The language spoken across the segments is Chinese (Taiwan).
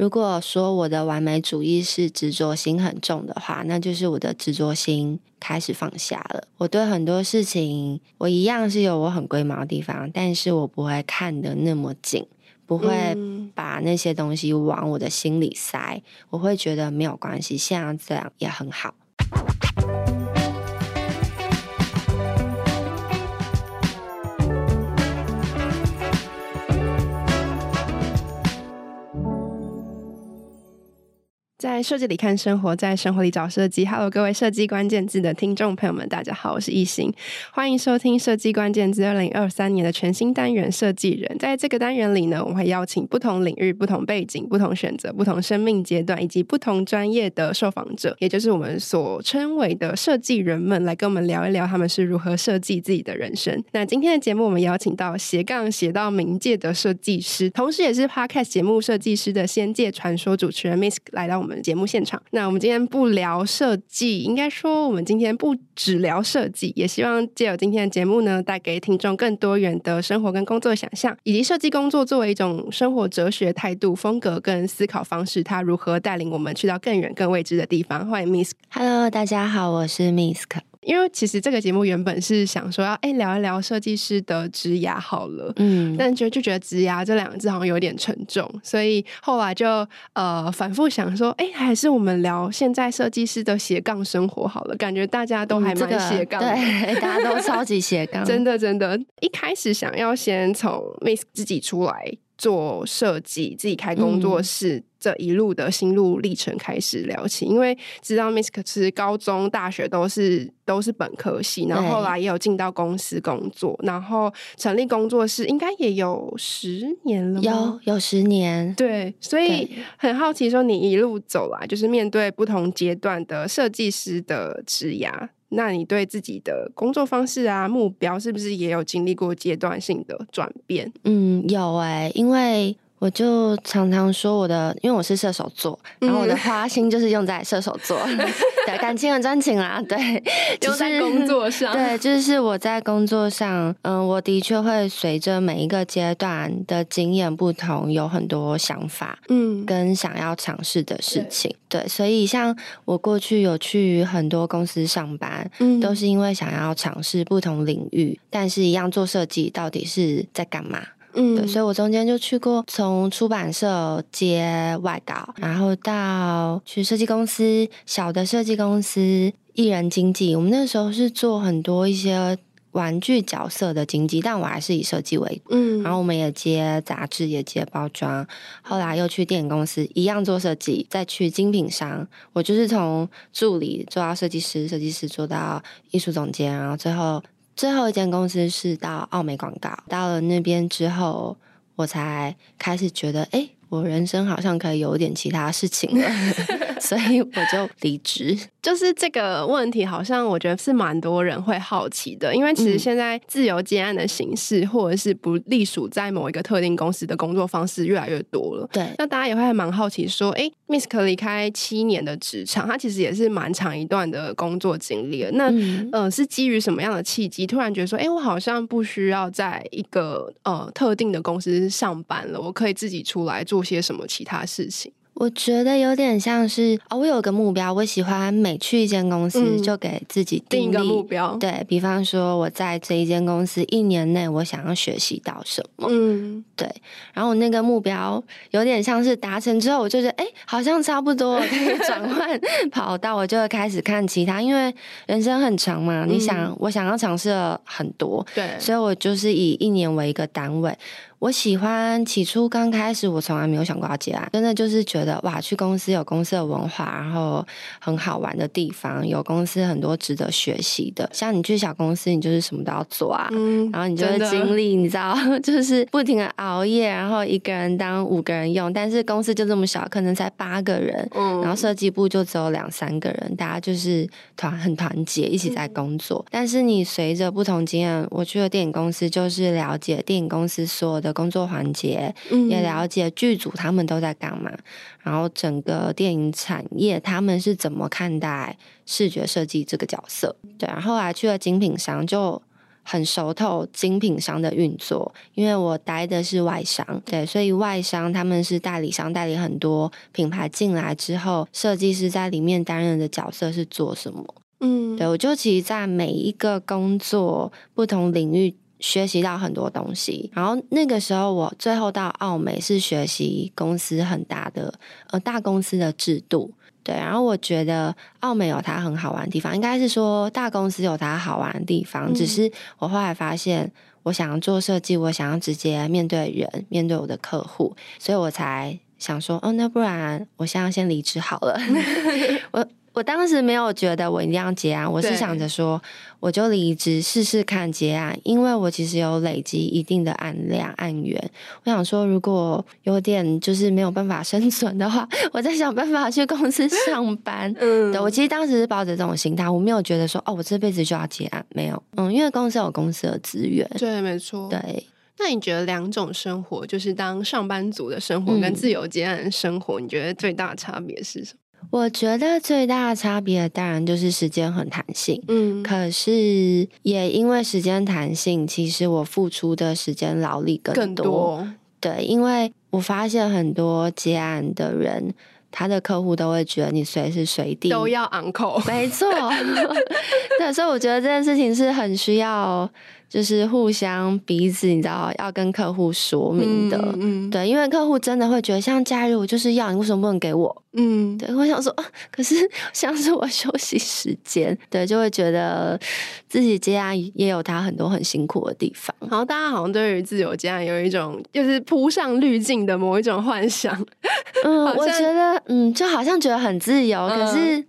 如果說我的完美主義是執着心很重的話，那就是我的執着心開始放下了。我對很多事情，我一樣是有我很龜毛的地方，但是我不會看得那麼緊，不會把那些東西往我的心裡塞。我會覺得沒有關係，像這樣也很好。在設計裡看生活，在生活裡找設計。Hello，各位設計關鍵字的聽眾朋友們，大家好，我是易興，歡迎收聽設計關鍵字二零二三年的全新單元——設計人。在這個單元裡呢，我們會邀請不同領域、不同背景、不同選擇、不同生命階段以及不同專業的受訪者，也就是我們所稱為的設計人們，來跟我們聊一聊他們是如何設計自己的人生。那今天的節目，我們邀請到斜槓斜到冥界的設計師，同時也是 Podcast 節目設計師的仙界傳說主持人 Misc 來到我們。我們節目現場，那我們今天不聊設計，應該說我們今天不只聊設計，也希望借由今天的節目呢，帶給聽眾更多元的生活跟工作想象，以及設計工作作為一種生活哲學態度、風格跟思考方式，它如何帶領我們去到更遠、更未知的地方。歡迎 Misc。Hello，大家好，我是 Misc 因為其實這個節目原本是想說要哎、欸、聊一聊設計師的職涯好了，嗯，但覺就覺得職涯這兩個字好像有點沉重，所以後來就呃反覆想說，哎、欸，還是我們聊現在設計師的斜槓生活好了，感覺大家都還蠻斜槓的，嗯，這個，對，大家都超級斜槓， 真的真的。一開始想要先從 Misc 自己出來做設計，自己開工作室。嗯這一路的心路歷程開始聊起，因為知道 Misc 是高中、大學都是都是本科系，然後後來也有進到公司工作，對然後成立工作室，應該也有十年了。有有十年，對，所以很好奇，說你一路走來，就是面對不同階段的設計師的職涯，那你對自己的工作方式啊、目標，是不是也有經歷過階段性的轉變？嗯，有哎、欸，因為。我就常常說我的，因為我是射手座，然後我的花心就是用在射手座，嗯、 對，感情很專情啦，對，就是在工作上，對，就是我在工作上，嗯，我的確會隨着每一個階段的經驗不同，有很多想法，嗯，跟想要嘗試的事情，嗯、對，對，所以像我過去有去很多公司上班，嗯，都是因為想要嘗試不同領域，但是一樣做設計到底是在幹嘛？嗯，對，所以我中間就去過從出版社接外稿，然後到去設計公司，小的設計公司，藝人經紀。我們那時候是做很多一些玩具角色的經紀，但我還是以設計為主。嗯，然後我們也接雜誌，也接包裝，後來又去電影公司一樣做設計，再去精品商，我就是從助理做到設計師，設計師做到藝術總監，然後最後。最後一間公司是到奧美廣告，到了那邊之後，我才開始覺得，誒、欸。我人生好像可以有點其他事情了， 所以我就離職。就是這個問題，好像我覺得是蠻多人會好奇的，因為其實現在自由接案的形式，或者是不隸屬在某一個特定公司的工作方式，越來越多了。對，那大家也會還蠻好奇說，哎 Misc 離開七年的職場，她其實也是蠻長一段的工作經歷了。那，呃，是基於什麼樣的契機，突然覺得說，哎、欸，我好像不需要在一個呃特定的公司上班了，我可以自己出來做。做些什麼其他事情？我覺得有點像是哦，我有個目標，我喜歡每去一間公司就給自己定、嗯、定一個目標。對，比方說我在這一間公司一年內我想要學習到什麼。嗯，對。然後我那個目標有點像是達成之後，我就覺得哎、欸，好像差不多我可以轉換 跑道，我就會開始看其他。因為人生很長嘛，嗯、你想我想要嘗試了很多，對，所以我就是以一年為一個單位。我喜歡起初剛開始，我從來沒有想過要接案，真的就是覺得哇，去公司有公司的文化，然後很好玩的地方，有公司很多值得學習的。像你去小公司，你就是什麼都要做啊，嗯，然後你就會經歷，的你知道，就是不停的熬夜，然後一個人當五個人用。但是公司就這麼小，可能才八個人，嗯，然後設計部就只有兩三個人，大家就是團很團結，一起在工作。嗯、但是你隨着不同經驗，我去了電影公司就是了解電影公司說的。工作環節也了解劇組他們都在幹嘛，然後整個電影產業他們是怎麼看待視覺設計這個角色？對，然後後來去了精品商，就很熟透精品商的運作，因為我待的是外商，對，所以外商他們是代理商，代理很多品牌進來之後，設計師在裡面擔任的角色是做什麼？嗯，對，我就其實，在每一個工作不同領域。學習到很多東西，然後那個時候我最後到奧美是學習公司很大的呃，大公司的制度，對，然後我覺得奧美有它很好玩的地方，應該是說大公司有它好玩的地方，嗯、只是我後來發現我想要做設計，我想要直接面對人，面對我的客戶，所以我才想說，哦，那不然我現在先離職好了， 我。我當時沒有覺得我一定要接案，我是想着說，對我就離職試試看接案，因為我其實有累積一定的案量、案源。我想說，如果有點就是沒有辦法生存的話，我再想辦法去公司上班。 嗯，對，我其實當時是抱着這種心態，我沒有覺得說，哦，我這輩子就要接案，沒有，嗯，因為公司有公司的資源。對，沒錯。對，那你覺得兩種生活，就是當上班族的生活跟自由接案生活，嗯、你覺得最大的差別是什麼？我覺得最大的差別，當然就是時間很彈性。嗯，可是也因為時間彈性，其實我付出的時間勞力更多。更多。對，因為我發現很多接案的人，他的客戶都會覺得你隨時隨地都要 on call。沒錯。 對，所以我覺得這件事情是很需要。就是互相彼此，你知道，要跟客戶說明的，嗯嗯、對，因為客戶真的會覺得，像假如就是要你，為什麼不能給我？嗯，對，我想說，啊、可是像是我休息時間，對，就會覺得自己這樣也有他很多很辛苦的地方。然後大家好像對於自由這樣有一種，就是鋪上濾鏡的某一種幻想。 像嗯，我覺得，嗯，就好像覺得很自由，嗯、可是。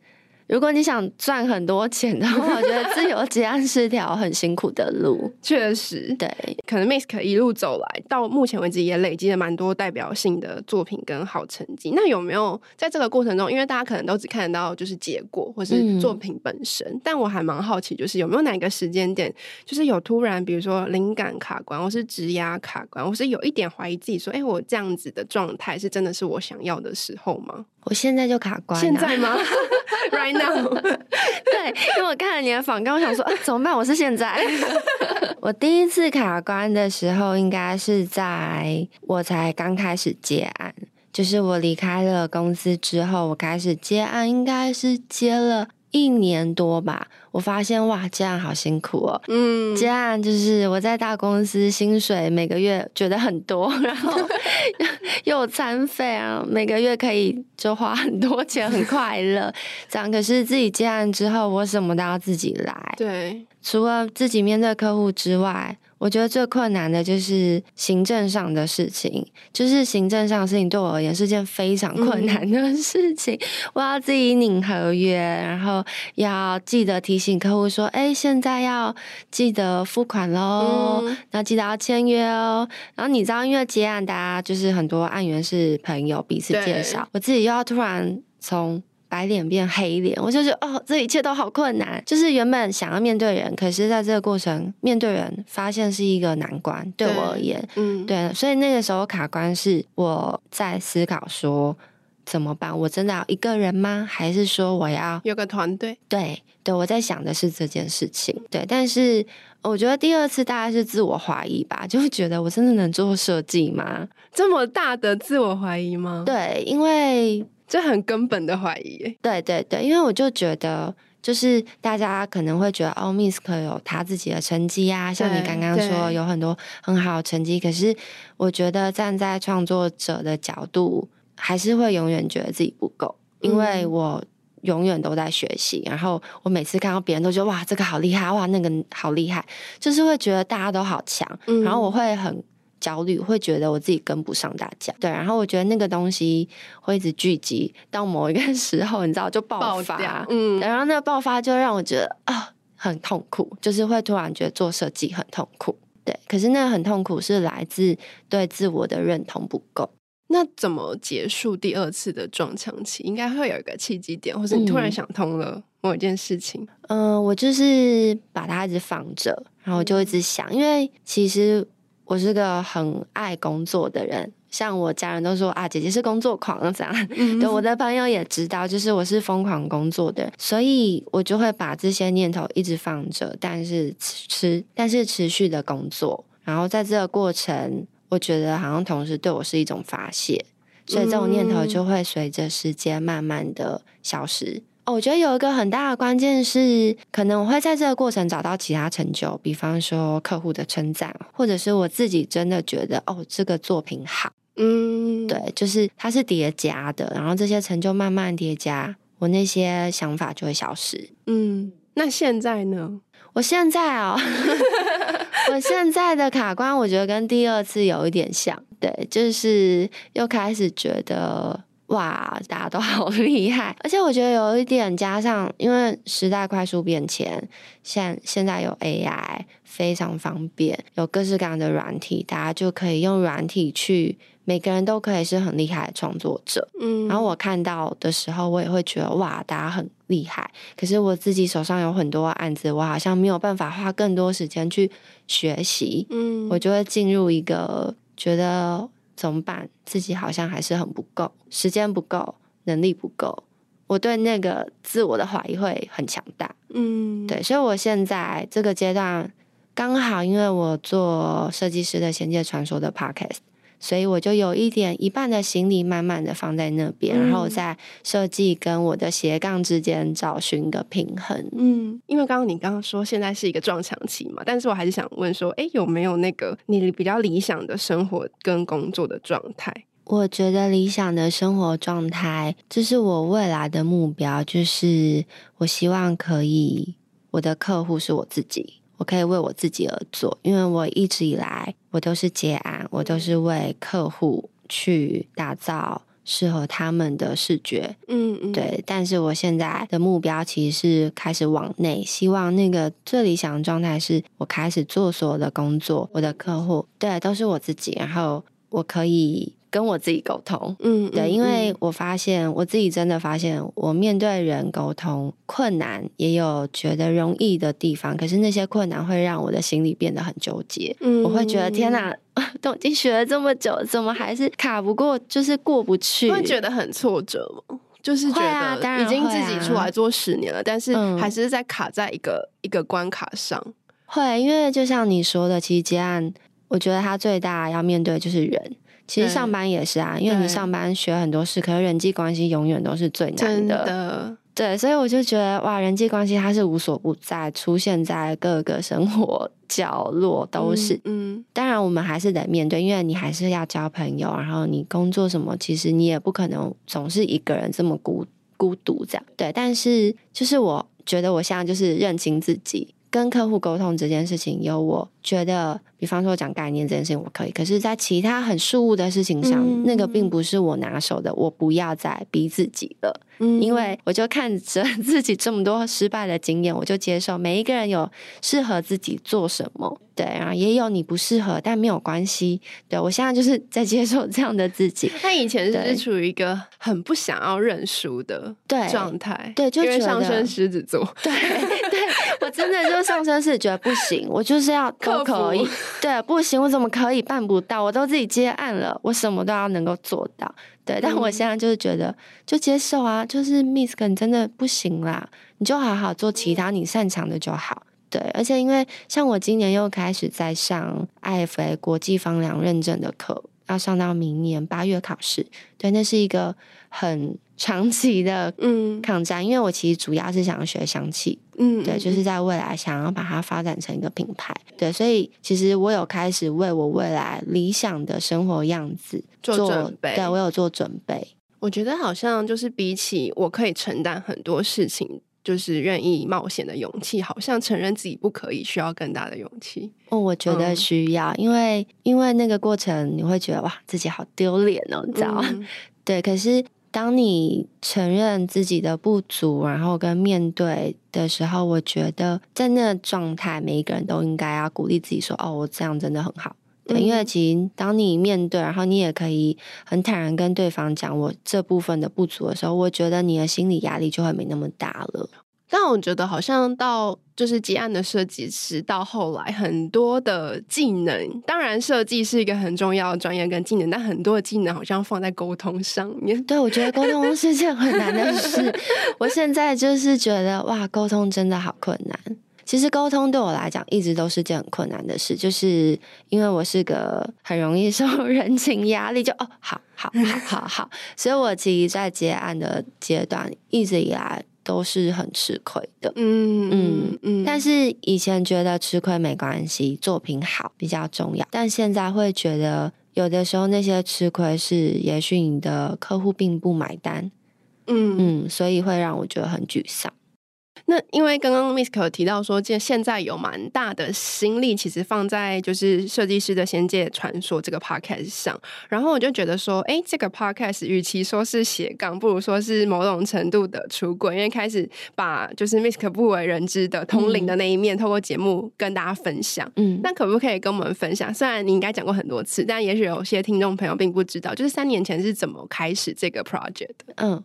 如果你想賺很多錢，然後我覺得自由接案是條很辛苦的路，確 實，對，可能 Misc 可一路走來，到目前為止也累積了蠻多代表性的作品跟好成績。那有沒有在這個過程中，因為大家可能都只看得到就是結果或是作品本身，嗯、但我還蠻好奇，就是有沒有哪個時間點，就是有突然，比如說靈感卡關，或是質押卡關，或是有一點懷疑自己，說，哎、欸，我這樣子的狀態是真的是我想要的時候嗎？我現在就卡關、啊，現在嗎 Right now 對，因為我看了你的訪綱，我想說、欸、怎麼辦？我是現在， 我第一次卡關的時候，應該是在我才剛開始接案，就是我離開了公司之後，我開始接案，應該是接了。一年多吧，我發現哇，這樣好辛苦哦。嗯，這樣就是我在大公司，薪水每個月覺得很多，然後又， 又有餐費啊，每個月可以就花很多錢，很快樂。這樣可是自己接案之後，我什麼都要自己來。對，除了自己面對客戶之外。我覺得最困難的就是行政上的事情，就是行政上的事情對我而言是件非常困難的事情。嗯、我要自己擬合約，然後要記得提醒客戶說：“哎，現在要記得付款嘍，那、嗯、記得要簽約哦。”然後你知道，因為接案、啊，大家就是很多案源是朋友彼此介紹，對我自己又要突然從。白臉變黑臉，我就覺得哦，這一切都好困難。就是原本想要面對人，可是在這個過程面對人，發現是一個難關，對，對我而言，嗯，對。所以那個時候卡關是我在思考說怎麼辦？我真的要一個人嗎？還是說我要有個團隊？對，對，我在想的是這件事情。嗯，對，但是我覺得第二次大概是自我懷疑吧，就覺得我真的能做設計嗎？這麼大的自我懷疑嗎？對，因為。就很根本的懷疑。對對對，因為我就覺得，就是大家可能會覺得哦、oh,，Misc 有他自己的成績啊，對像你剛剛說對有很多很好的成績，可是我覺得站在創作者的角度，還是會永遠覺得自己不夠，因為我永遠都在學習。嗯、然後我每次看到別人都覺得哇，這個好厲害，哇，那個好厲害，就是會覺得大家都好強，然後我會很。嗯焦慮，會覺得我自己跟不上大家，對，然後我覺得那個東西會一直聚集到某一個時候，你知道就爆發，爆掉，嗯，然後那個爆發就讓我覺得啊很痛苦，就是會突然覺得做設計很痛苦，對，可是那個很痛苦是來自對自我的認同不夠。那怎麼結束第二次的撞牆期？應該會有一個契機點，或是你突然想通了某一件事情？嗯、呃，我就是把它一直放着，然後我就一直想，因為其實。我是個很愛工作的人，像我家人都說啊，姐姐是工作狂這樣。Mm hmm. 對，我的朋友也知道，就是我是瘋狂工作的，所以我就會把這些念頭一直放着，但是持，但是持續的工作，然後在這個過程，我覺得好像同時對我是一種發洩，所以這種念頭就會隨着時間慢慢的消失。Mm hmm. 我覺得有一個很大的關鍵是，可能我會在這個過程找到其他成就，比方說客戶的稱讚，或者是我自己真的覺得哦，這個作品好。嗯，對，就是它是疊加的，然後這些成就慢慢疊加，我那些想法就會消失。嗯，那現在呢？我現在哦， 我現在的卡關，我覺得跟第二次有一點像，對，就是又開始覺得。哇，大家都好厲害！而且我覺得有一點，加上因為時代快速變遷，現現在有 AI 非常方便，有各式各樣的軟體，大家就可以用軟體去，每個人都可以是很厲害的創作者。嗯，然後我看到的時候，我也會覺得哇，大家很厲害。可是我自己手上有很多案子，我好像沒有辦法花更多時間去學習。嗯，我就會進入一個覺得。怎麼辦？自己好像還是很不夠，時間不夠，能力不夠，我對那個自我的懷疑會很強大。嗯，對，所以我現在這個階段剛好，因為我做設計師的《仙界傳說》的 Podcast。所以我就有一點一半的行李慢慢的放在那邊，嗯，然後在設計跟我的斜槓之間找尋個平衡。嗯，因為剛剛你剛剛說現在是一個撞牆期嘛，但是我還是想問說，誒，有沒有那個你比較理想的生活跟工作的狀態？我覺得理想的生活狀態，這是我未來的目標，就是我希望可以我的客戶是我自己。我可以為我自己而做，因為我一直以來我都是接案，我都是為客戶去打造適合他們的視覺，嗯嗯，對。但是我現在的目標其實是開始往內，希望那個最理想的狀態是，我開始做所有的工作，我的客戶對，都是我自己，然後我可以。跟我自己溝通，嗯，對，嗯、因為我發現、嗯、我自己真的發現，我面對人溝通困難，也有覺得容易的地方，可是那些困難會讓我的心裡變得很糾結。嗯，我會覺得天哪，都已經學了這麼久，怎麼還是卡不過，就是過不去，會覺得很挫折嗎，就是覺得、啊啊、已經自己出來做十年了，但是還是在卡在一個、嗯、一個關卡上。會，因為就像你說的，其實接案，我覺得他最大要面對就是人。其實上班也是啊，對因為你上班學很多事，對可是人際關係永遠都是最難的。真的，對，所以我就覺得哇，人際關係它是無所不在，出現在各個生活角落都是。嗯，嗯當然我們還是得面對，因為你還是要交朋友，然後你工作什麼，其實你也不可能總是一個人這麼孤孤獨這樣。對，但是就是我覺得我現在就是認清自己，跟客戶溝通這件事情，有我覺得。比方說講概念這件事情我可以，可是，在其他很庶務的事情上，嗯、那個並不是我拿手的，我不要再逼自己了。嗯，因為我就看着自己這麼多失敗的經驗，我就接受每一個人有適合自己做什麼，對，然後也有你不適合，但沒有關係。對，我現在就是在接受這樣的自己，他以前是處於一個很不想要認輸的狀態。對，對，就上升獅子座，對，對 我真的就上升獅覺得不行， 我就是要都可以。對，不行，我怎麼可以辦不到？我都自己接案了，我什麼都要能夠做到。對，但我現在就是覺得，就接受啊，就是 Misc 你真的不行啦，你就好好做其他你擅長的就好。對，而且因為像我今年又開始在上 IFA 國際芳療認證的課，要上到明年八月考試。對，那是一個很長期的嗯抗戰，嗯、因為我其實主要是想學香氣，嗯，對，就是在未來想要把它發展成一個品牌，對，所以其實我有開始為我未來理想的生活樣子做，做準備，對，我有做準備。我覺得好像就是比起我可以承擔很多事情，就是願意冒險的勇氣，好像承認自己不可以，需要更大的勇氣。哦，我覺得需要，嗯、因為因為那個過程你會覺得哇，自己好丟臉哦，你知道、嗯、對，可是。當你承認自己的不足，然後跟面對的時候，我覺得在那個狀態，每一個人都應該要鼓勵自己說：“哦，我這樣真的很好。”對，嗯，因為其實當你面對，然後你也可以很坦然跟對方講我這部分的不足的時候，我覺得你的心理壓力就會沒那麼大了。但我覺得好像到就是接案的設計師到後來很多的技能，當然設計是一個很重要的專業跟技能，但很多的技能好像放在溝通上面。對，我覺得溝通是件很難的事。 我現在就是覺得哇，溝通真的好困難。其實溝通對我來講一直都是件很困難的事，就是因為我是個很容易受人情壓力，就哦，好好好好好，好好好 所以我其實在接案的階段一直以來。都是很吃虧的，嗯嗯嗯，嗯，但是以前覺得吃虧沒關係，作品好比較重要，但現在會覺得有的時候那些吃虧是，也許你的客戶並不買單，嗯嗯，所以會讓我覺得很沮喪。那因為剛剛 Misc 提到說，這現在有蠻大的心力，其實放在就是設計師的仙界傳說這個 Podcast 上。然後我就覺得說，哎，這個 Podcast 與其說是斜槓，不如說是某種程度的出軌，因為開始把就是 Misc 不為人知的通靈的那一面，透過節目跟大家分享。嗯，那可不可以跟我們分享？雖然你應該講過很多次，但也許有些聽眾朋友並不知道，就是三年前是怎麼開始這個 project 的嗯。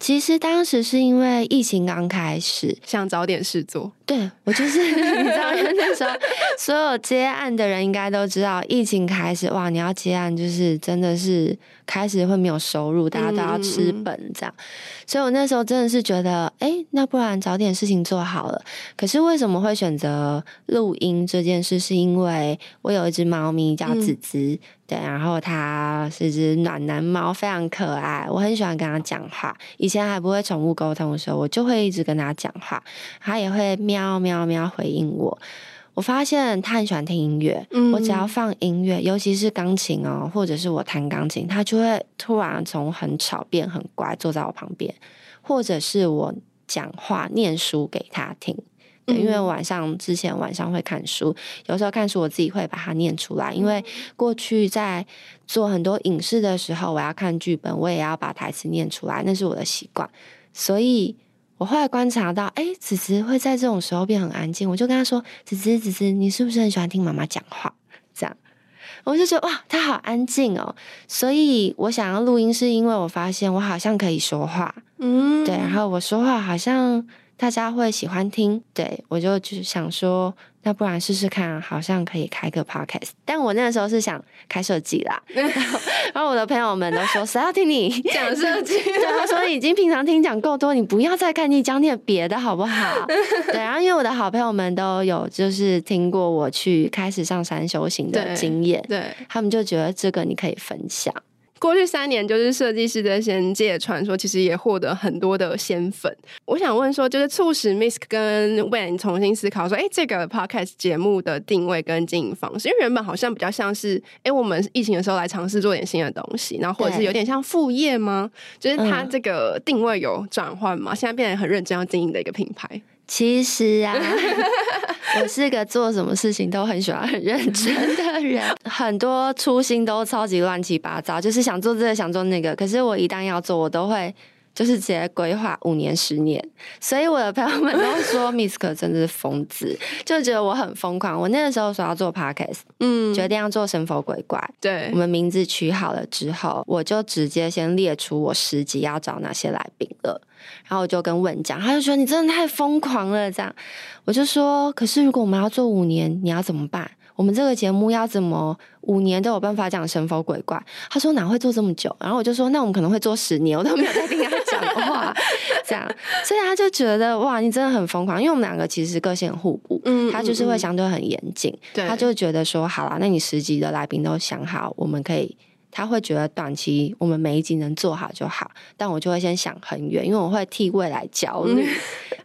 其實當時是因為疫情剛開始，想找點事做。對，我就是，你知道 那時候所有接案的人應該都知道，疫情開始哇，你要接案就是真的是。開始會沒有收入，大家都要吃本這樣，嗯嗯嗯，所以我那時候真的是覺得，哎、欸，那不然找點事情做好了。可是為什麼會選擇錄音這件事？是因為我有一隻貓咪叫子子，嗯、對，然後它是隻暖男貓，非常可愛，我很喜歡跟它講話。以前還不會寵物溝通的時候，我就會一直跟它講話，它也會喵喵喵回應我。我發現他很喜歡聽音樂，我只要放音樂，尤其是鋼琴哦，或者是我彈鋼琴，他就會突然從很吵變很乖，坐在我旁邊，或者是我講話念書給他聽，對，因為晚上，之前晚上會看書，有時候看書我自己會把它念出來，因為過去在做很多影視的時候，我要看劇本，我也要把台詞念出來，那是我的習慣，所以。我後來觀察到，誒，姊姊會在這種時候變很安靜。我就跟他說：“姊姊，姊姊，你是不是很喜歡聽媽媽講話？”這樣，我就覺得哇，他好安靜哦。所以我想要錄音，是因為我發現我好像可以說話，嗯，對，然後我說話好像大家會喜歡聽，對，我就就是想說。要不然試試看，啊，好像可以開個 Podcast。但我那個時候是想開設計啦 然，然後我的朋友們都說：“誰 要聽你講設計？”他說：“已經平常聽講夠多，你不要再看你講點別的，好不好？” 對、啊。然後因為我的好朋友們都有就是聽過我去開始上山修行的經驗，對他們就覺得這個你可以分享。過去三年，就是設計師的仙界傳說，其實也獲得很多的仙粉。我想問說，就是促使 Misc 跟 Wen 重新思考說，哎，這個 Podcast 節目的定位跟經營方式，因為原本好像比較像是，哎，我們疫情的時候來嘗試做點新的東西，然後或者是有點像副業嗎？就是它這個定位有轉換嗎？現在變得很認真要經營的一個品牌。其實啊，我是個做什麼事情都很喜歡很認真的人。 很多初心都超級亂七八糟，就是想做這個想做那個，可是我一旦要做，我都會。就是直接規劃五年十年，所以我的朋友們都說 Misc 可真的是瘋子，就覺得我很瘋狂。我那個時候說要做 Podcast，嗯，決定要做神佛鬼怪。對，我們名字取好了之後，我就直接先列出我十集要找哪些來賓了。然後我就跟問講，他就說你真的太瘋狂了，這樣。我就說，可是如果我們要做五年，你要怎麼辦？我們這個節目要怎麼五年都有辦法講神佛鬼怪？他說哪會做這麼久？然後我就說那我們可能會做十年，我都沒有在聽他講的話。 這樣，所以他就覺得哇，你真的很瘋狂。因為我們兩個其實個性很互補，嗯，他就是會相對很嚴謹，對，他就覺得說好啦，那你十集的來賓都想好，我們可以，他會覺得短期我們每一集能做好就好，但我就會先想很遠，因為我會替未來焦慮。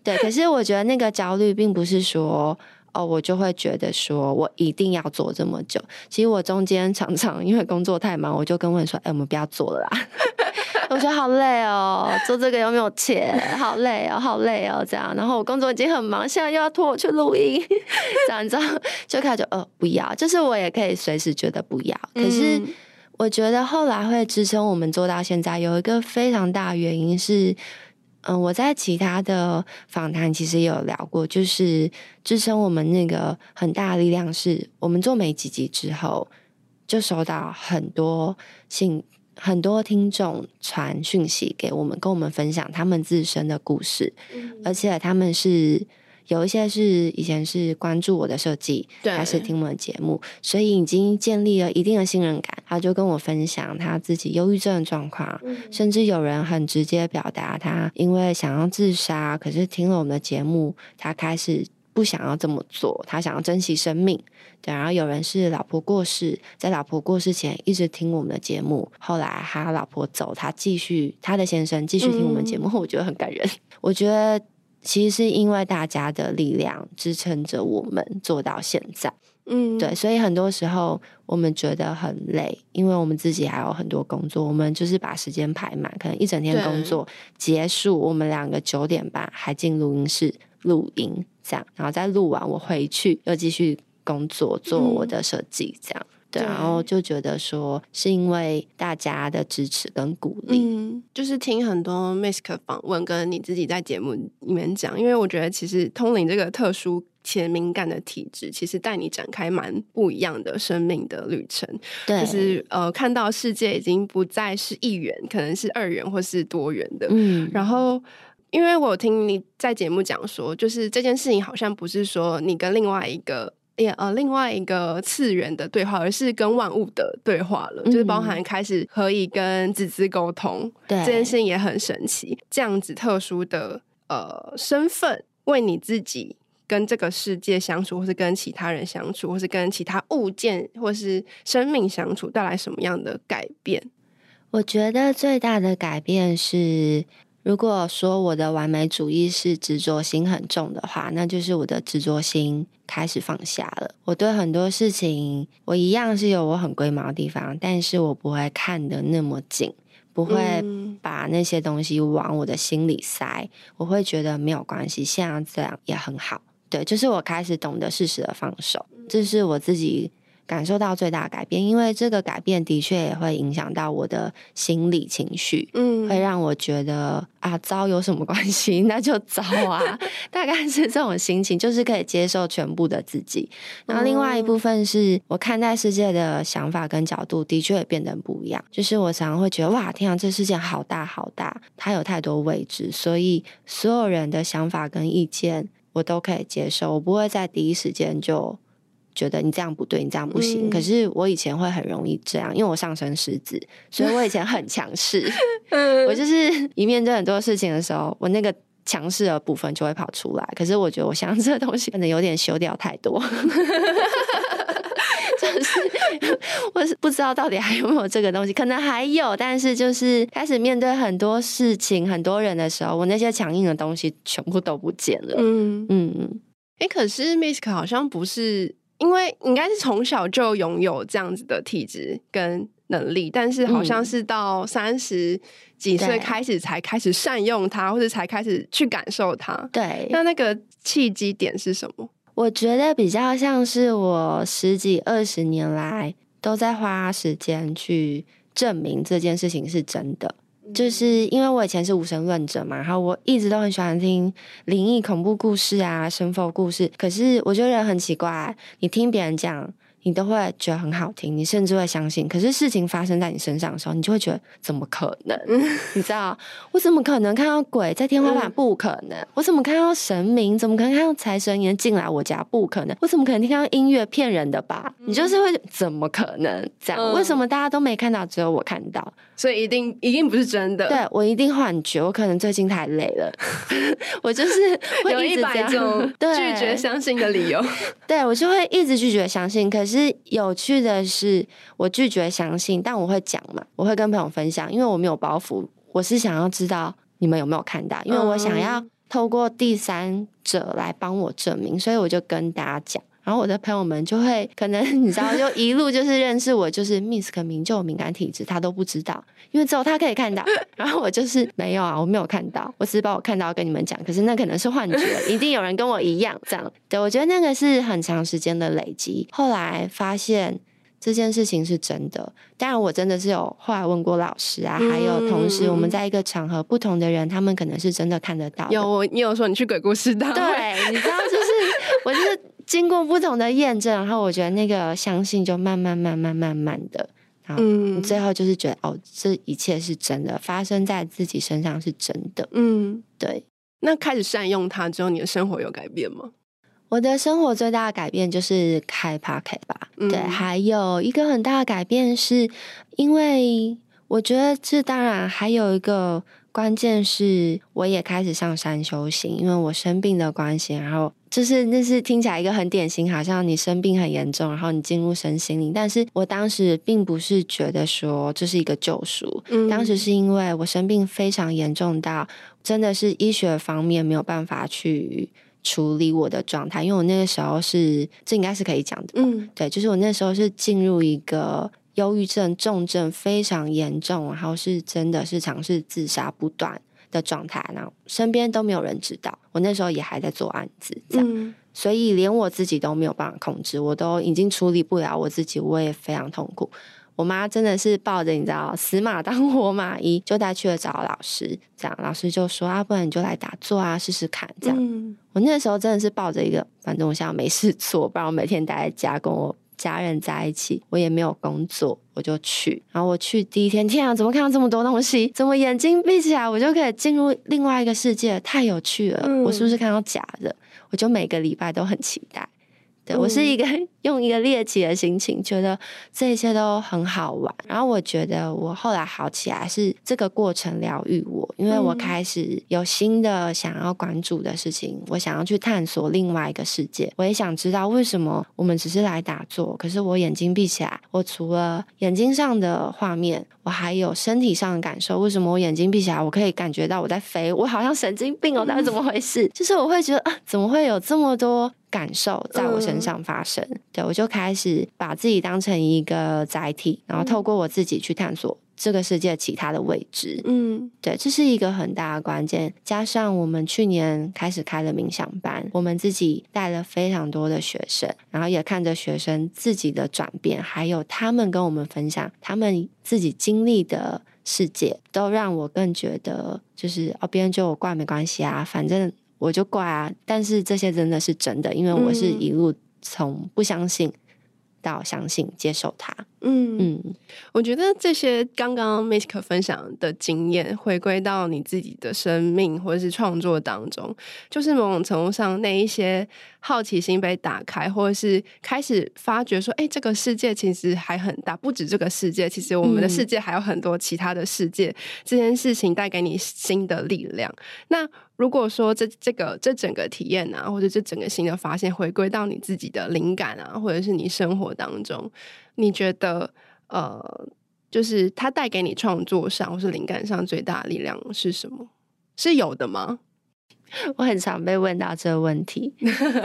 對，可是我覺得那個焦慮並不是說。哦，oh, 我就會覺得說，我一定要做這麼久。其實我中間常常因為工作太忙，我就跟問說，哎、欸，我們不要做了啦。 我說好累哦，做這個又沒有錢，好累哦，好累哦，這樣。然後我工作已經很忙，現在又要拖我去錄音，這樣你知道 就開始哦，不要。就是我也可以隨時覺得不要。可是我覺得後來會支撐我們做到現在，有一個非常大原因是。嗯，我在其他的訪談其實也有聊過，就是支撐我們那個很大力量是，我們做沒幾集之後，就收到很多信，很多聽眾傳訊息給我們，跟我們分享他們自身的故事，嗯、而且他們是。有一些是以前是關注我的設計，對開始聽我們的節目，所以已經建立了一定的信任感。他就跟我分享他自己憂鬱症的狀況，嗯、甚至有人很直接表達他因為想要自殺，可是聽了我們的節目，他開始不想要這麼做，他想要珍惜生命。對，然後有人是老婆過世，在老婆過世前一直聽我們的節目，後來他老婆走，他繼續他的先生繼續聽我們節目，嗯、我覺得很感人。我覺得。其實是因為大家的力量支撐着我們做到現在，嗯，對，所以很多時候我們覺得很累，因為我們自己還有很多工作，我們就是把時間排滿，可能一整天工作對結束，我們兩個九點半還進錄音室錄音，這樣，然後再錄完，我回去又繼續工作，做我的設計，嗯、這樣。然後就覺得說，是因為大家的支持跟鼓勵。嗯，就是聽很多 Misc 訪問跟你自己在節目裡面講，因為我覺得其實通靈這個特殊且敏感的體質，其實帶你展開蠻不一樣的生命的旅程。對，就是呃，看到世界已經不再是一元，可能是二元或是多元的。嗯，然後因為我有聽你在節目講說，就是這件事情好像不是說你跟另外一個。也呃，yeah, uh, 另外一個次元的對話，而是跟萬物的對話了，嗯哼，就是包含開始可以跟子紙溝通，對，這件事情也很神奇。這樣子特殊的呃身份，為你自己跟這個世界相處，或是跟其他人相處，或是跟其他物件或是生命相處，帶來什麼樣的改變？我覺得最大的改變是。如果說我的完美主義是執着心很重的話，那就是我的執着心開始放下了。我對很多事情，我一樣是有我很龜毛的地方，但是我不會看得那麼緊，不會把那些東西往我的心裡塞。我會覺得沒有關係，現在這樣也很好。對，就是我開始懂得適時的放手，這、就是我自己。感受到最大改變，因為這個改變的確也會影響到我的心理情緒，嗯，會讓我覺得啊糟，有什麼關係？那就糟啊！ 大概是這種心情，就是可以接受全部的自己。然後另外一部分是、哦、我看待世界的想法跟角度，的確也變得不一樣。就是我常常會覺得哇，天啊，這世界好大好大，它有太多未知，所以所有人的想法跟意見我都可以接受，我不會在第一時間就。覺得你這樣不對，你這樣不行。嗯、可是我以前會很容易這樣，因為我上升獅子，所以我以前很強勢。嗯、我就是一面對很多事情的時候，我那個強勢的部分就會跑出來。可是我覺得，我想這東西可能有點修掉太多， 就是我是不知道到底還有沒有這個東西，可能還有，但是就是開始面對很多事情、很多人的時候，我那些強硬的東西全部都不見了。嗯嗯嗯，哎、嗯欸，可是 Misc 好像不是。因為應該是從小就擁有這樣子的體質跟能力，但是好像是到三十幾歲開始才開始善用它，嗯、或者才開始去感受它。對，那那個契機點是什麼？我覺得比較像是我十幾二十年來都在花時間去證明這件事情是真的。就是因為我以前是無神論者嘛，然後我一直都很喜歡聽靈異恐怖故事啊、神佛故事。可是我覺得很奇怪啊，你聽別人講。你都會覺得很好聽，你甚至會相信。可是事情發生在你身上的時候，你就會覺得怎麼可能？ 你知道我怎麼可能看到鬼在天花板？嗯、不可能！我怎麼看到神明？怎麼可能看到財神爺進來我家？不可能！我怎麼可能聽到音樂？騙人的吧？嗯、你就是會怎麼可能？這樣、嗯、為什麼大家都沒看到，只有我看到？所以一定一定不是真的。對，我一定幻覺，我可能最近太累了。 我就是會一直這樣有一百種對拒絕相信的理由。對，對我就會一直拒絕相信，可是。其實是有趣的是，我拒絕相信，但我會講嘛，我會跟朋友分享，因為我沒有包袱，我是想要知道你們有沒有看到，因為我想要透過第三者來幫我證明，所以我就跟大家講。然後我的朋友們就會可能你知道，就一路就是認識我，就是 Misc 可名，就敏感體質，他都不知道，因為只有他可以看到。然後我就是沒有啊，我沒有看到，我只是把我看到跟你們講。可是那可能是幻覺，一定有人跟我一樣這樣。對，我覺得那個是很長時間的累積。後來發現這件事情是真的，當然我真的是有後來問過老師啊，還有同事我們在一個場合不同的人，他們可能是真的看得到。有我，你有說你去鬼故事的？對，你知道就是。我就是經過不同的驗證，然後我覺得那個相信就慢慢慢慢慢慢的，然後你最後就是覺得、嗯、哦，這一切是真的，發生在自己身上是真的。嗯，對。那開始善用它之後，你的生活有改變嗎？我的生活最大的改變就是開 Podcast 吧，對，嗯、還有一個很大的改變是因為我覺得這當然還有一個。關鍵是我也開始上山修行，因為我生病的關係，然後就是那是聽起來一個很典型，好像你生病很嚴重，然後你進入身心靈，但是我當時並不是覺得說這是一個救贖，嗯，當時是因為我生病非常嚴重到真的是醫學方面沒有辦法去處理我的狀態，因為我那個時候是這應該是可以講的，嗯，對，就是我那時候是進入一個。憂鬱症重症，非常嚴重，然後是真的是嘗試自殺不斷的狀態，然後身邊都沒有人知道。我那時候也還在做案子，這樣、嗯、所以連我自己都沒有辦法控制，我都已經處理不了我自己，我也非常痛苦。我媽真的是抱着你知道，死馬當活馬醫，就帶去了找老師，這樣老師就說啊，不然你就來打坐啊，試試看這樣。嗯、我那時候真的是抱着一個，反正我現在沒事做，不然我每天待在家跟我。家人在一起，我也沒有工作，我就去。然後我去第一天，天啊，怎麼看到這麼多東西？怎麼眼睛閉起來，我就可以進入另外一個世界？太有趣了！嗯。我是不是看到假的？我就每個禮拜都很期待。對，我是一個用一個獵奇的心情，嗯、覺得這些都很好玩。然後我覺得我後來好起來是這個過程療癒我，因為我開始有新的想要關注的事情，嗯、我想要去探索另外一個世界。我也想知道為什麼我們只是來打坐，可是我眼睛閉起來，我除了眼睛上的畫面，我還有身體上的感受。為什麼我眼睛閉起來，我可以感覺到我在飛？我好像神經病哦，到底怎麼回事？嗯、就是我會覺得啊，怎麼會有這麼多？感受在我身上發生，嗯、對，我就開始把自己當成一個載體，然後透過我自己去探索這個世界其他的未知。嗯，對，這是一個很大的關鍵。加上我們去年開始開了冥想班，我們自己帶了非常多的學生，然後也看着學生自己的轉變，還有他們跟我們分享他們自己經歷的世界，都讓我更覺得，就是哦，別人說我怪沒關係啊，反正。我就怪啊！但是這些真的是真的，因為我是一路從不相信到相信，接受它。嗯，嗯，我覺得這些剛剛 Misc 分享的經驗，回歸到你自己的生命或者是創作當中，就是某種程度上那一些好奇心被打開，或者是開始發覺說，哎，這個世界其實還很大，不止這個世界，其實我們的世界還有很多其他的世界。嗯，這件事情帶給你新的力量。那如果說這這個這整個體驗啊，或者這整個新的發現，回歸到你自己的靈感啊，或者是你生活當中。你覺得呃，就是他帶給你創作上或是靈感上最大的力量是什麼？是有的嗎？我很常被問到這個問題。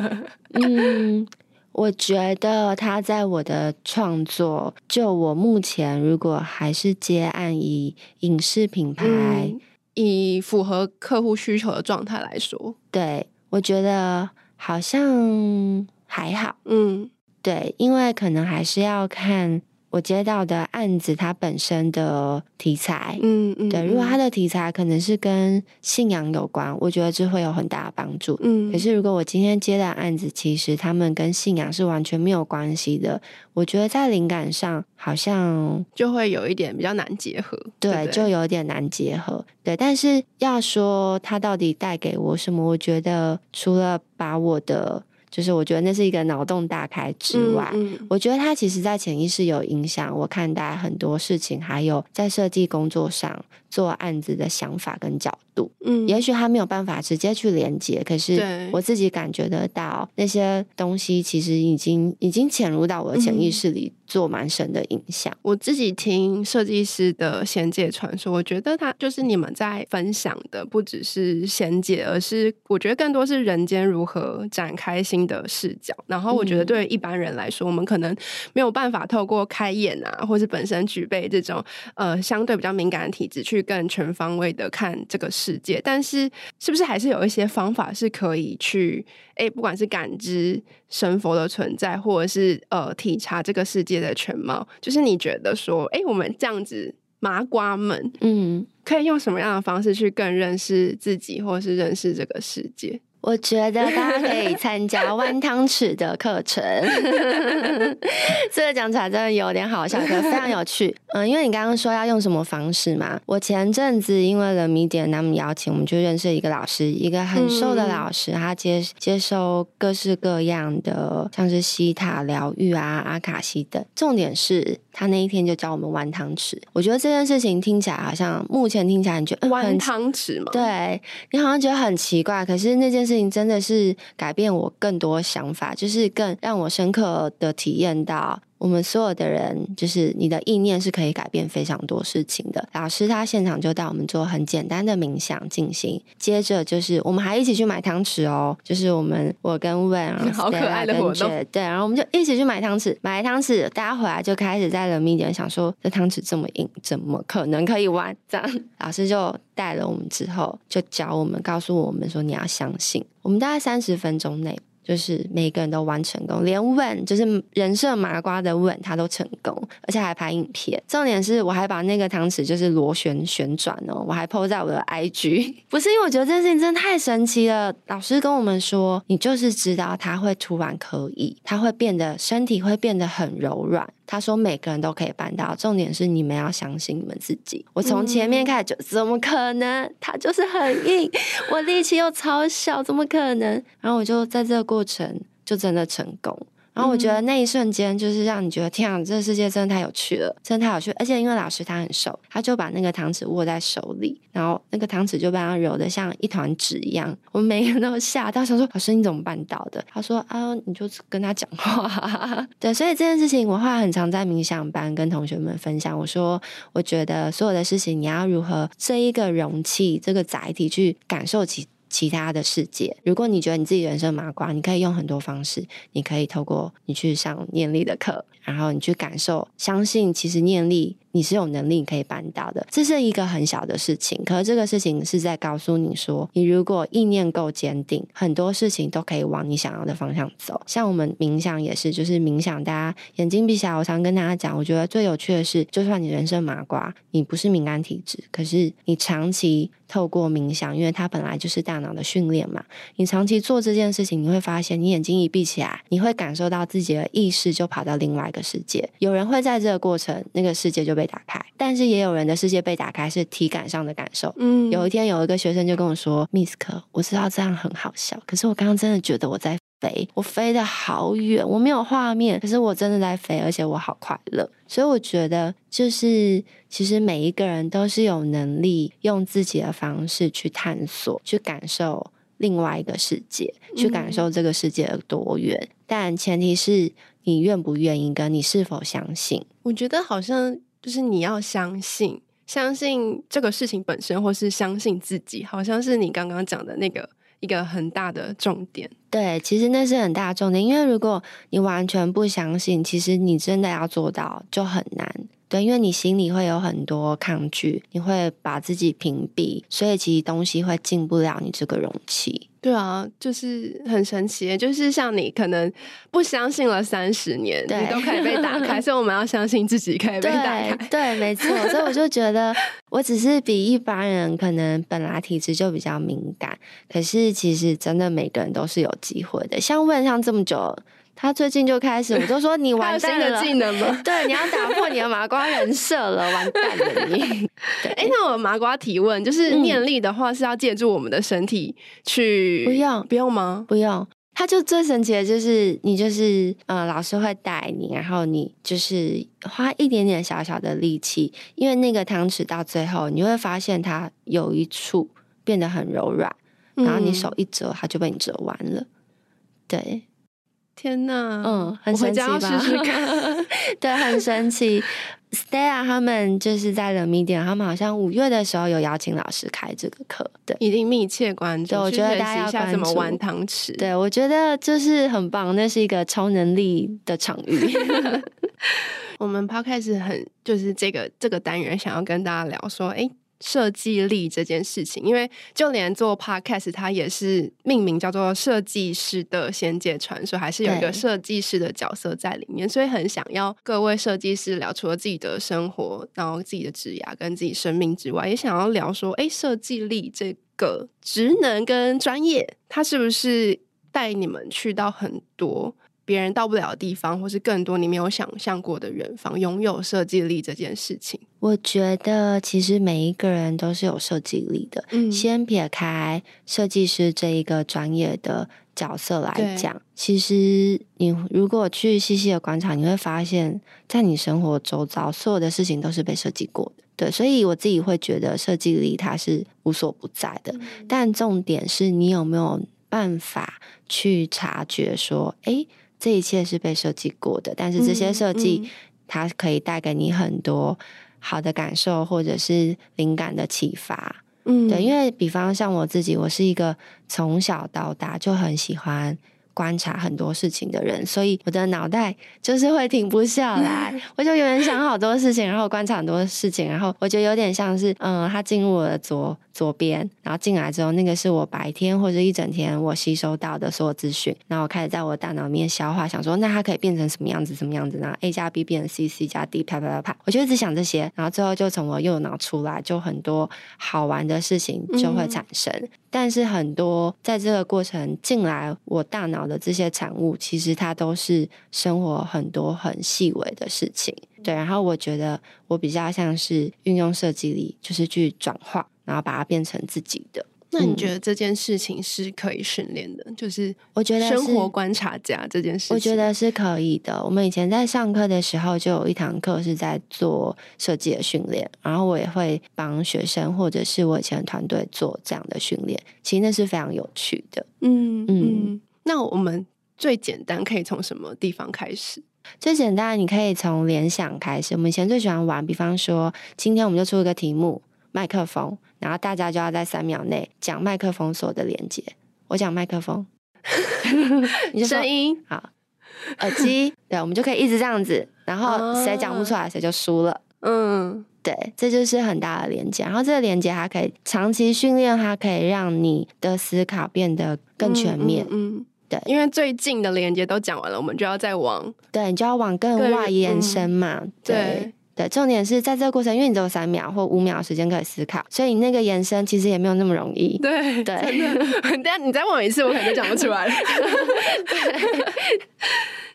嗯，我覺得他在我的創作，就我目前如果還是接案以影視品牌，嗯、以符合客戶需求的狀態來說，對，我覺得好像還好。嗯。對，因為可能還是要看我接到的案子它本身的題材，嗯嗯，嗯對，如果它的題材可能是跟信仰有關，我覺得這會有很大的幫助。嗯，可是如果我今天接到案子，其實他們跟信仰是完全沒有關係的，我覺得在靈感上好像就會有一點比較難結合。對，對就有一點難結合。對，對，對，但是要說它到底帶給我什麼，我覺得除了把我的。就是我覺得那是一個腦洞大開之外，嗯嗯、我覺得他其實在潛意識有影響。我看待很多事情，還有在設計工作上做案子的想法跟角度。嗯，也許他沒有辦法直接去連接，可是我自己感覺得到那些東西其實已經已經潛入到我的潛意識裡，做蠻深的影響。我自己聽設計師的《仙界傳說》，我覺得他就是你們在分享的不只是仙界，而是我覺得更多是人間如何展開心的視角，然後我覺得對於一般人來說，我們可能沒有辦法透過開眼啊，或是本身具備這種呃相對比較敏感的體質去更全方位的看這個世界。但是，是不是還是有一些方法是可以去誒、欸，不管是感知神佛的存在，或者是呃體察這個世界的全貌？就是你覺得說，哎、欸，我們這樣子麻瓜們，嗯，可以用什麼樣的方式去更認識自己，或是認識這個世界？我覺得大家可以參加彎湯匙的課程， 這個講起來真的有點好笑，也非常有趣。嗯，因為你剛剛說要用什麼方式嘛，我前陣子因為了民典他們邀請，我們就認識一個老師，一個很瘦的老師，嗯、他接接受各式各樣的，像是西塔療癒啊、阿卡西等。重點是他那一天就教我們彎湯匙，我覺得這件事情聽起來好像目前聽起來你覺得彎湯匙嗎？對你好像覺得很奇怪，可是那件事情。真的是改變我更多想法，就是更讓我深刻的體驗到。我們所有的人，就是你的意念是可以改變非常多事情的。老師他現場就帶我們做很簡單的冥想，進行。接着就是我們還一起去買湯匙哦，就是我們我跟 Van 好可愛的活動，J er, 都對，然後我們就一起去買湯匙，買了湯匙，大家回來就開始在冷民點想說，這湯匙這麼硬，怎麼可能可以彎這樣。老師就帶了我們之後，就教我們，告訴我們說，你要相信。我們大概三十分鐘內。就是每個人都玩成功，連吻就是人設麻瓜的吻，他都成功，而且還拍影片。重點是我還把那個湯匙就是螺旋旋轉哦，我還 po 在我的 IG，不是因為我覺得這件事情真的太神奇了。老師跟我們說，你就是知道它會突然可以，它會變得身體會變得很柔軟。他說：“每個人都可以辦到，重點是你們要相信你們自己。”我從前面開始就、嗯、怎麼可能？他就是很硬， 我力氣又超小，怎麼可能？然後我就在這個過程就真的成功。然後我覺得那一瞬間就是讓你覺得天啊，這個世界真的太有趣了，真的太有趣了。而且因為老師他很熟，他就把那個湯匙握在手裡，然後那個湯匙就被他揉得像一團紙一樣。我們每個人都嚇到，想說，老師你怎麼辦到的？他說啊，你就跟他講話。 對，所以這件事情我後來很常在冥想班跟同學們分享。我說我覺得所有的事情你要如何這一個容器，這個載體去感受其其他的世界。如果你覺得你自己人生麻瓜，你可以用很多方式，你可以透過你去上念力的課，然後你去感受，相信其實念力你是有能力可以辦到的。這是一個很小的事情，可是這個事情是在告訴你說，你如果意念夠堅定，很多事情都可以往你想要的方向走。像我們冥想也是，就是冥想，大家眼睛閉起來。我常跟大家講，我覺得最有趣的是，就算你人生麻瓜，你不是敏感體質，可是你長期。透過冥想，因為它本來就是大腦的訓練嘛。你長期做這件事情，你會發現，你眼睛一閉起來，你會感受到自己的意識就跑到另外一個世界。有人會在這個過程，那個世界就被打開，但是也有人的世界被打開，是體感上的感受。嗯，有一天有一個學生就跟我說：“Misc，我知道這樣很好笑，可是我剛剛真的覺得我在。”飛，我飛得好遠，我沒有畫面，可是我真的在飛，而且我好快樂。所以我覺得，就是其實每一個人都是有能力用自己的方式去探索、去感受另外一個世界，去感受這個世界的多元。嗯。但前提是你願不願意，跟你是否相信。我覺得好像就是你要相信，相信這個事情本身，或是相信自己，好像是你剛剛講的那個。一個很大的重點，對，其實那是很大的重點，因為如果你完全不相信，其實你真的要做到就很難。對，因為你心裡會有很多抗拒，你會把自己屏蔽，所以其實東西會進不了你這個容器。對啊，就是很神奇，就是像你可能不相信了三十年，對你都可以被打開， 所以我們要相信自己可以被打開。對，對，沒錯。所以我就覺得，我只是比一般人可能本來體質就比較敏感，可是其實真的每個人都是有機會的。像問像這麼久。他最近就開始，我就說你完蛋了，有新的技能嗎？對，你要打破你的麻瓜人設了， 完蛋了你。哎、欸，那我麻瓜提問，就是念力的話是要借助我們的身體去，嗯、不用不用嗎？不用。他就最神奇的就是，你就是呃，老師會帶你，然後你就是花一點點小小的力氣，因為那個湯匙到最後你會發現它有一處變得很柔軟，然後你手一折，它就被你折完了，嗯、對。天吶，嗯，很神奇吧？我試試 對，很神奇。Stella 他們就是在冷迷店，他們好像五月的時候有邀請老師開這個課，對，一定密切關注。對，我覺得大家要怎麼彎湯匙，對，我覺得就是很棒，那是一個超能力的場域。 我們 Podcast 很就是這個這個單元想要跟大家聊說，哎、欸。設計力這件事情，因為就連做 Podcast，它也是命名叫做“設計師的仙界傳說”，還是有一個設計師的角色在裡面，對所以很想要各位設計師聊除了自己的生活，然後自己的職業跟自己生命之外，也想要聊說，哎、欸，設計力這個職能跟專業，它是不是帶你們去到很多？別人到不了的地方，或是更多你沒有想象過的遠方，擁有設計力這件事情，我覺得其實每一個人都是有設計力的。嗯，先撇開設計師這一個專業的角色來講，對其實你如果去細細的觀察，你會發現在你生活周遭所有的事情都是被設計過的。對，所以我自己會覺得設計力它是無所不在的，嗯、但重點是你有沒有辦法去察覺說，誒……這一切是被設計過的，但是這些設計、嗯嗯、它可以帶給你很多好的感受，或者是靈感的啟發。嗯，對，因為比方像我自己，我是一個從小到大就很喜歡觀察很多事情的人，所以我的腦袋就是會停不下來，嗯、我就有點想好多事情，然後觀察很多事情，然後我覺得有點像是嗯，他進入我的桌。左邊，然後進來之後，那個是我白天或者是一整天我吸收到的所有資訊。然後我開始在我的大腦裡面消化，想說那它可以變成什麼樣子，什麼樣子呢？然後 A 加 B 變成 C，C 加 D，啪啪啪啪，我就一直想這些。然後最後就從我右腦出來，就很多好玩的事情就會產生。嗯、但是很多在這個過程進來我大腦的這些產物，其實它都是生活很多很細微的事情。對，然後我覺得我比較像是運用設計裡，就是去轉化。然後把它變成自己的。那你覺得這件事情是可以訓練的？嗯、就是我覺得生活觀察家這件事情我，我覺得是可以的。我們以前在上課的時候，就有一堂課是在做設計的訓練，然後我也會幫學生或者是我以前的團隊做這樣的訓練，其實那是非常有趣的。嗯嗯。嗯，那我們最簡單可以從什麼地方開始？最簡單，你可以從聯想開始。我們以前最喜歡玩，比方說今天我們就出一個題目：麥克風。然後大家就要在三秒內講麥克風所的連接，我講麥克風， 你說聲音好，耳機 對，我們就可以一直這樣子，然後誰講不出來誰就輸了。啊、嗯，對，這就是很大的連接，然後這個連接還可以長期訓練，它可以讓你的思考變得更全面。嗯，嗯嗯對，因為最近的連接都講完了，我們就要再往對你就要往更外延伸嘛，對。嗯對對對，重點是在這個過程，因為你只有三秒或五秒的時間可以思考，所以你那個延伸其實也沒有那麼容易。對對，但你再問我一次，我可能講不出來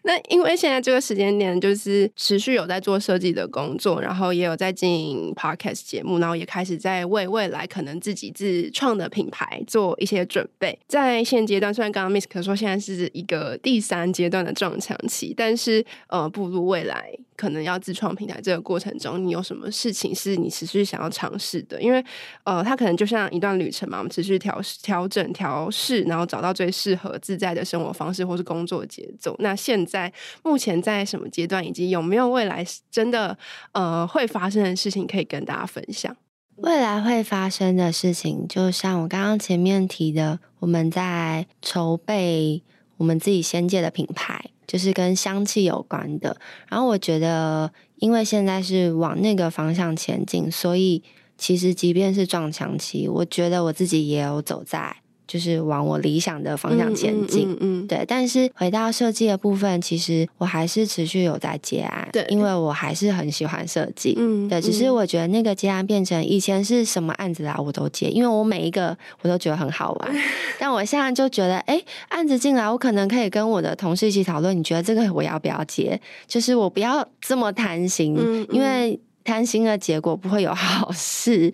那因為現在這個時間點，就是持續有在做設計的工作，然後也有在經營 Podcast 節目，然後也開始在為未來可能自己自創的品牌做一些準備。在現階段，雖然剛剛 Misc 說現在是一個第三階段的撞牆期，但是呃，步入未來可能要自創平台這個過程中，你有什麼事情是你持續想要嘗試的？因為呃，它可能就像一段旅程嘛，我們持續調調整、調試，然後找到最適合自在的生活方式或是工作節奏。那現在目前在什麼階段，以及有沒有未來真的呃會發生的事情可以跟大家分享？未來會發生的事情，就像我剛剛前面提的，我們在籌備我們自己仙界的品牌，就是跟香氣有關的。然後我覺得，因為現在是往那個方向前進，所以其實即便是撞牆期，我覺得我自己也有走在。就是往我理想的方向前進，嗯，嗯，嗯嗯對。但是回到設計的部分，其實我還是持續有在接案，對因為我還是很喜歡設計。嗯，對，嗯，只是我覺得那個接案變成以前是什麼案子啊，我都接，因為我每一個我都覺得很好玩。嗯，但我現在就覺得，誒，欸，案子進來，我可能可以跟我的同事一起討論，你覺得這個我要不要接？就是我不要這麼貪心，嗯嗯，因為。貪心的結果不會有好事，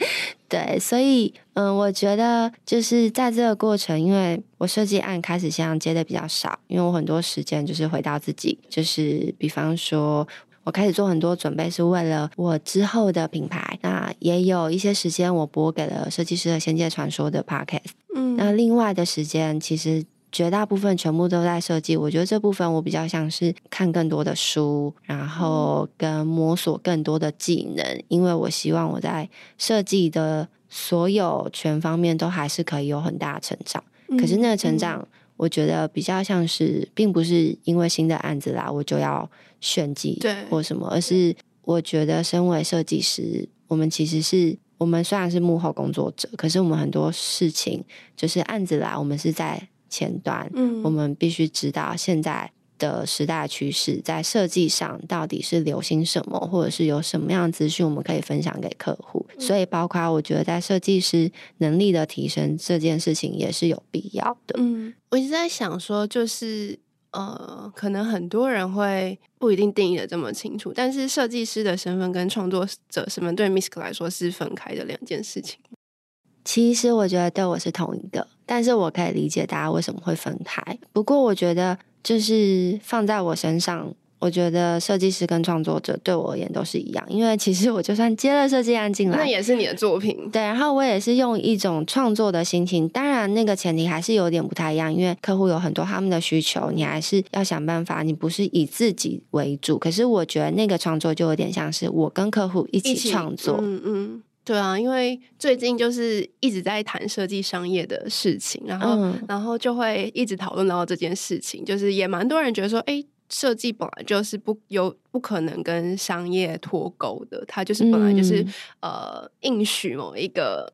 對，所以，嗯，我覺得就是在這個過程，因為我設計案開始像接得比較少，因為我很多時間就是回到自己，就是比方說，我開始做很多準備是為了我之後的品牌，那也有一些時間我撥給了設計師的《仙界傳說》的 Podcast，嗯，那另外的時間其實。絕大部分全部都在設計，我覺得這部分我比較像是看更多的書，然後跟摸索更多的技能，嗯、因為我希望我在設計的所有全方面都還是可以有很大的成長。嗯、可是那個成長，我覺得比較像是，嗯、並不是因為新的案子啦，我就要炫技或什麼，對而是我覺得身為設計師，我們其實是我們雖然是幕後工作者，可是我們很多事情就是案子啦，我們是在。前端，嗯，我們必須知道現在的時代趨勢，在設計上到底是流行什麼，或者是有什麼樣資訊我們可以分享給客戶。嗯、所以，包括我覺得在設計師能力的提升這件事情也是有必要的。嗯，我一直在想說，就是呃，可能很多人會不一定定義得這麼清楚，但是設計師的身份跟創作者身份對 Misc 來說是分開的兩件事情。其實我覺得對我是同一個，但是我可以理解大家為什麼會分開。不過我覺得就是放在我身上，我覺得設計師跟創作者對我而言都是一樣，因為其實我就算接了設計案進來，那也是你的作品。對，然後我也是用一種創作的心情。當然，那個前提還是有點不太一樣，因為客戶有很多他們的需求，你還是要想辦法，你不是以自己為主。可是我覺得那個創作就有點像是我跟客戶一起創作。嗯嗯。嗯對啊，因為最近就是一直在談設計商業的事情，然後、嗯、然後就會一直討論到這件事情，就是也蠻多人覺得說，哎、欸，設計本來就是不有不可能跟商業脫鈎的，它就是本來就是、嗯、呃應許某一個。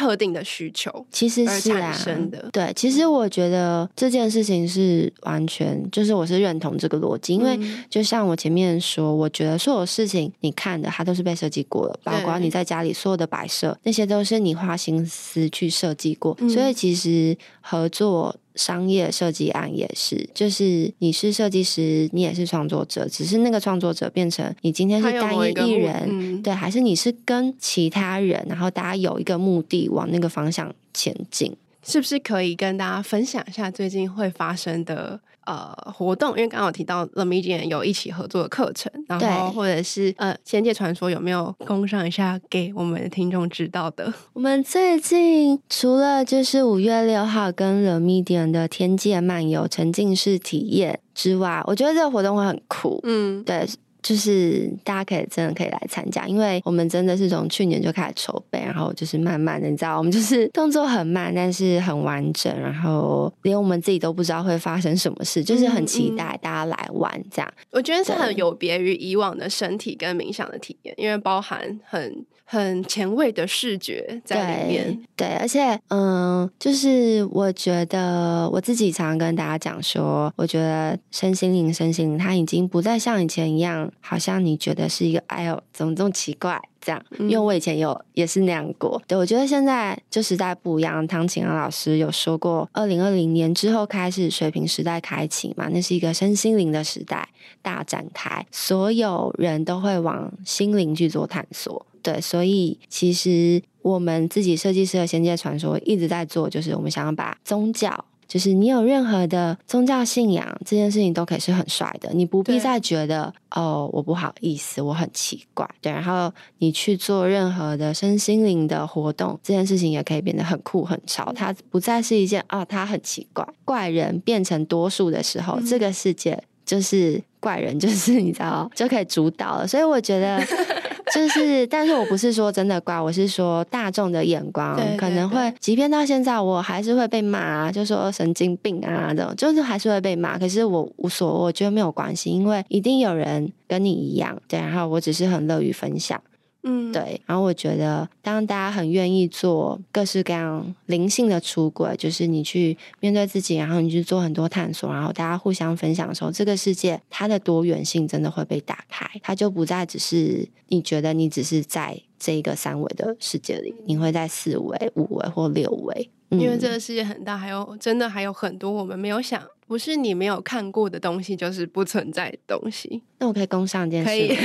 特定的需求而產生的，其實是啊，對，其實我覺得這件事情是完全就是我是認同這個邏輯，嗯、因為就像我前面說，我覺得所有事情你看的，它都是被設計過的，包括你在家裡所有的擺設，對那些都是你花心思去設計過，嗯、所以其實合作。商業設計案也是，就是你是設計師，你也是創作者，只是那個創作者變成你今天是單一一人，一嗯、對，還是你是跟其他人，然後大家有一個目的往那個方向前進，是不是可以跟大家分享一下最近會發生的？呃，活動因為剛好提到了 The Medium 有一起合作的課程，然後或者是對呃，仙界傳說有沒有工商一下給我們的聽眾知道的？我們最近除了就是五月六號跟 The Medium 的天界漫遊沉浸式體驗之外，我覺得這個活動會很酷，嗯，對。就是大家可以真的可以來參加，因為我們真的是從去年就開始籌備，然後就是慢慢的，你知道，我們就是動作很慢，但是很完整，然後連我們自己都不知道會發生什麼事，就是很期待大家來玩這樣。嗯嗯，我覺得是很有別於以往的身體跟冥想的體驗，對因為包含很很前衛的視覺在裡面對。對，而且，嗯，就是我覺得我自己常常跟大家講說，我覺得身心靈、身心靈，它已經不再像以前一樣。好像你覺得是一個，哎呦，怎麼這麼奇怪？這樣，因為我以前有也是那樣過。嗯、對，我覺得現在就時代不一樣。唐綺陽老師有說過，二零二零年之後開始水瓶時代開啟嘛，那是一個身心靈的時代大展開，所有人都會往心靈去做探索。對，所以其實我們自己設計師的仙界傳說一直在做，就是我們想要把宗教。就是你有任何的宗教信仰，這件事情都可以是很帥的。你不必再覺得，對哦，我不好意思，我很奇怪。對，然後你去做任何的身心靈的活動，這件事情也可以變得很酷很潮。對它不再是一件，哦，它很奇怪，怪人變成多數的時候，嗯、這個世界就是怪人，就是你知道，就可以主導了。所以我覺得。 就是，但是我不是說真的怪，我是說大眾的眼光可能會，即便到現在，我還是會被罵啊，就說神經病啊，這種就是還是會被罵。可是我無所謂，我覺得沒有關係，因為一定有人跟你一樣。對，然後我只是很樂於分享。嗯，對。然後我覺得，當大家很願意做各式各樣靈性的出軌，就是你去面對自己，然後你去做很多探索，然後大家互相分享的時候，這個世界它的多元性真的會被打開。它就不再只是你覺得你只是在這一個三維的世界裡，嗯、你會在四維、五維或六維，嗯、因為這個世界很大，還有真的還有很多我們沒有想，不是你沒有看過的東西，就是不存在的東西。那我可以供上一件事。可以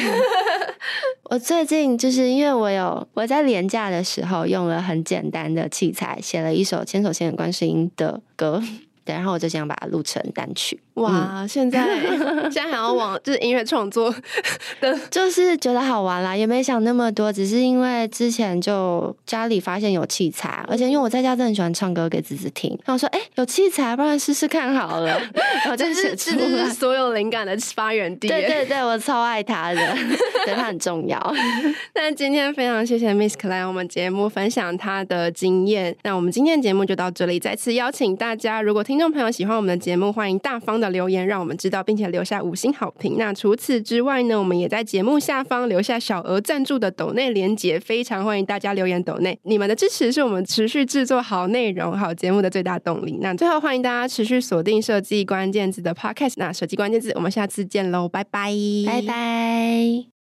我最近就是因為我有我在連假的時候，用了很簡單的器材，寫了一首《千手千眼觀世音》的歌，然後我就想把它錄成單曲。哇！現在、嗯、現在還要往就是音樂創作，的 就是覺得好玩啦，也沒想那麼多，只是因為之前就家裡發現有器材，而且因為我在家真的很喜歡唱歌給自己聽，然後我說哎、欸、有器材，不然試試看好了。然後我就， 就是是就是所有靈感的發源地，對對對，我超愛它的， 對它很重要。那 今天非常謝謝 Misc 來我們節目分享她的經驗，那我們今天的節目就到這裡，再次邀請大家，如果聽眾朋友喜歡我們的節目，歡迎大方的。留言讓我們知道，並且留下五星好評。那除此之外呢，我們也在節目下方留下小額贊助的抖內鏈接，非常歡迎大家留言抖內。你們的支持是我們持續製作好內容、好節目的最大動力。那最後歡迎大家持續鎖定設計關鍵字的 Podcast。那設計關鍵字，我們下次見嘍，拜拜，拜拜。